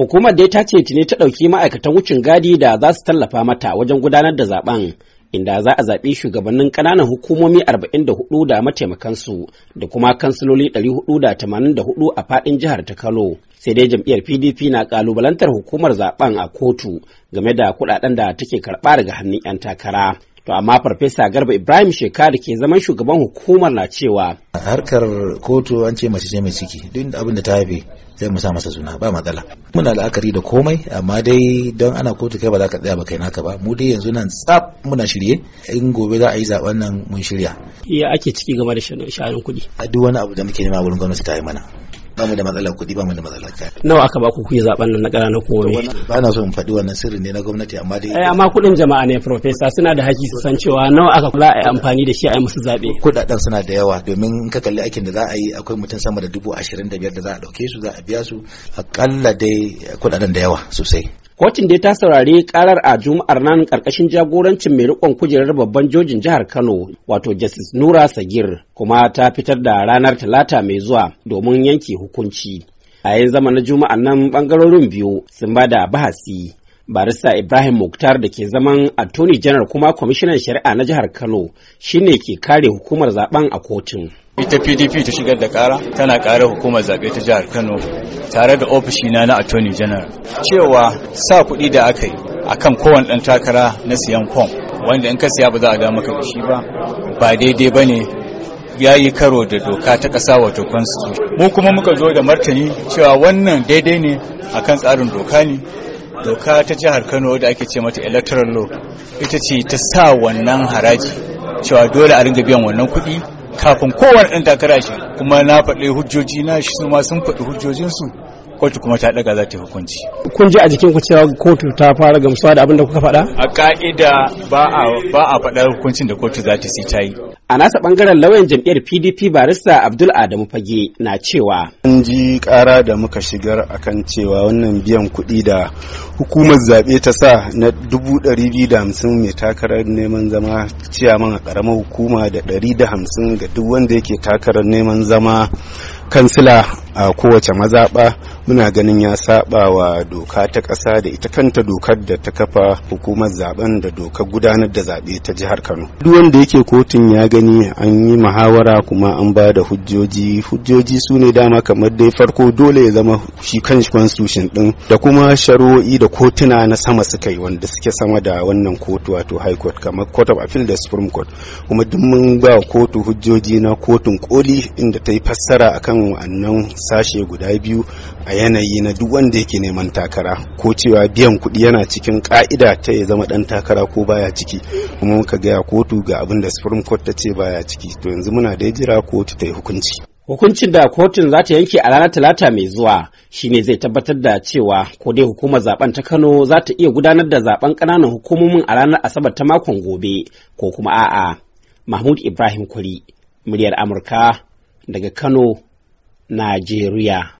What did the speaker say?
Hukumar dai ta ce tuni ta ɗauki ma'aikatan wucin gadi da za su tallafa mata wajen gudanar da zaben inda za a zaɓi shugabannin ƙananan hukumomi 44 da mataimakansu da kuma kansiloli 484 a faɗin jihar ta Kano. Sai dai jam'iyyar PDP na ƙalubalantar hukumar zaben a kotu game da kuɗaɗen da take karɓa daga hannun 'yan takara. To amma Farfesa Garba Ibrahim Shekaru ke zaman shugaban hukumar na cewa. Harkar kotu an ce mace ce mai ciki duk abin da ta haife sai mu sa masa suna ba matsala. Muna la'akari da komai amma dai don ana kotu kai ba za ka tsaya ba kai naka ba mu dai yanzu nan tsaf muna shirye in gobe za a yi zaben nan mun shirya. Iya ake ciki game da shanun kuɗi. A Duk wani abu da muke nema wurin gwamnati ta yi mana. ba mu da matsalar kuɗi ba mu da matsalar kaya nawa aka ba ku kuyi zaben nan na na hukumomi ba na so in faɗi wannan sirrin ne na gwamnati amma dai eh, amma kuɗin jama'a ne professor suna da haƙƙi su san cewa nawa aka kula a amfani da shi a yi musu zaɓe kuɗaɗen suna da yawa domin in ka kalli aikin da za a yi akwai mutum sama da dubu ashirin da biyar da za a ɗauke su za a biya su aƙalla dai kuɗaɗen da yawa sosai Kotun dai ta saurari karar a Juma'ar nan karkashin jagorancin mai rikon kujerar babban jojin jihar Kano wato Justice Nura Sagir kuma ta fitar da ranar Talata mai zuwa domin yanke hukunci. A yin zama na juma'a nan bangarorin biyu sun ba da bahasi barista ibrahim mukhtar da ke zaman attorney general kuma kwamishinan shari'a na jihar kano shine ke kare hukumar zaben a kotun ita pdp ta shigar da kara tana kare hukumar zaɓe ta jihar kano tare da ofishina na attorney general cewa sa kuɗi da aka yi a kan kowane ɗan takara na siyan fom wanda in ka siya ba za a ga maka shi ba ba daidai ba ne ya yi karo da doka ta ƙasa wato constitution mu kuma muka zo da martani cewa wannan daidai ne akan tsarin doka ne doka ta jihar kano da ake ce mata electoral law ita ce ta sa wannan haraji cewa dole a ringa biyan wannan kuɗi kafin kowane ɗan takara shi kuma na faɗi hujjoji na shi ma sun faɗi hujjojinsu kotu kuma ta daga za ta hukunci kun ji a jikin ku cewa kotu ta fara gamsuwa da abin da kuka faɗa a ka'ida ba a ba hukuncin da kotu za ta si ta yi a nasa bangaren lauyan jam'iyyar pdp barista abdul adamu fage na cewa an ji kara da muka shigar akan cewa wannan biyan kuɗi da hukumar zaɓe ta sa na dubu ɗari biyu da hamsin mai takarar neman zama ciyaman a ƙaramar hukuma da ɗari da hamsin ga duk wanda yake takarar neman zama kansila a kowace mazaɓa muna ganin ya saba wa doka ta ƙasa da ita kanta dokar da ta kafa hukumar zaben da dokar gudanar da zaɓe ta jihar Kano. Duk wanda yake kotun ya gani an yi muhawara kuma an ba da hujjoji hujjoji su ne dama kamar dai farko dole ya zama shi shi constitution din da kuma shari'o'i da kotuna na sama suka yi wanda suke sama da wannan kotu wato high court kamar court of appeal da supreme court kuma duk mun ba kotu hujjoji na kotun koli inda ta yi fassara akan wannan sashe guda biyu a yanayi na duk wanda yake neman takara ko cewa biyan kuɗi yana cikin ka'ida ta ya zama ɗan takara ko baya ciki kuma muka gaya kotu ga abin da supreme court ta ce baya ciki to yanzu muna da jira kotu ta yi hukunci hukuncin da kotun za ta yanke a ranar talata mai zuwa shine zai tabbatar da cewa ko dai hukumar zaben ta kano za ta iya gudanar da zaben ƙananan hukumomin a ranar asabar ta makon gobe ko kuma a'a mahmud ibrahim kuri muryar amurka daga kano najeriya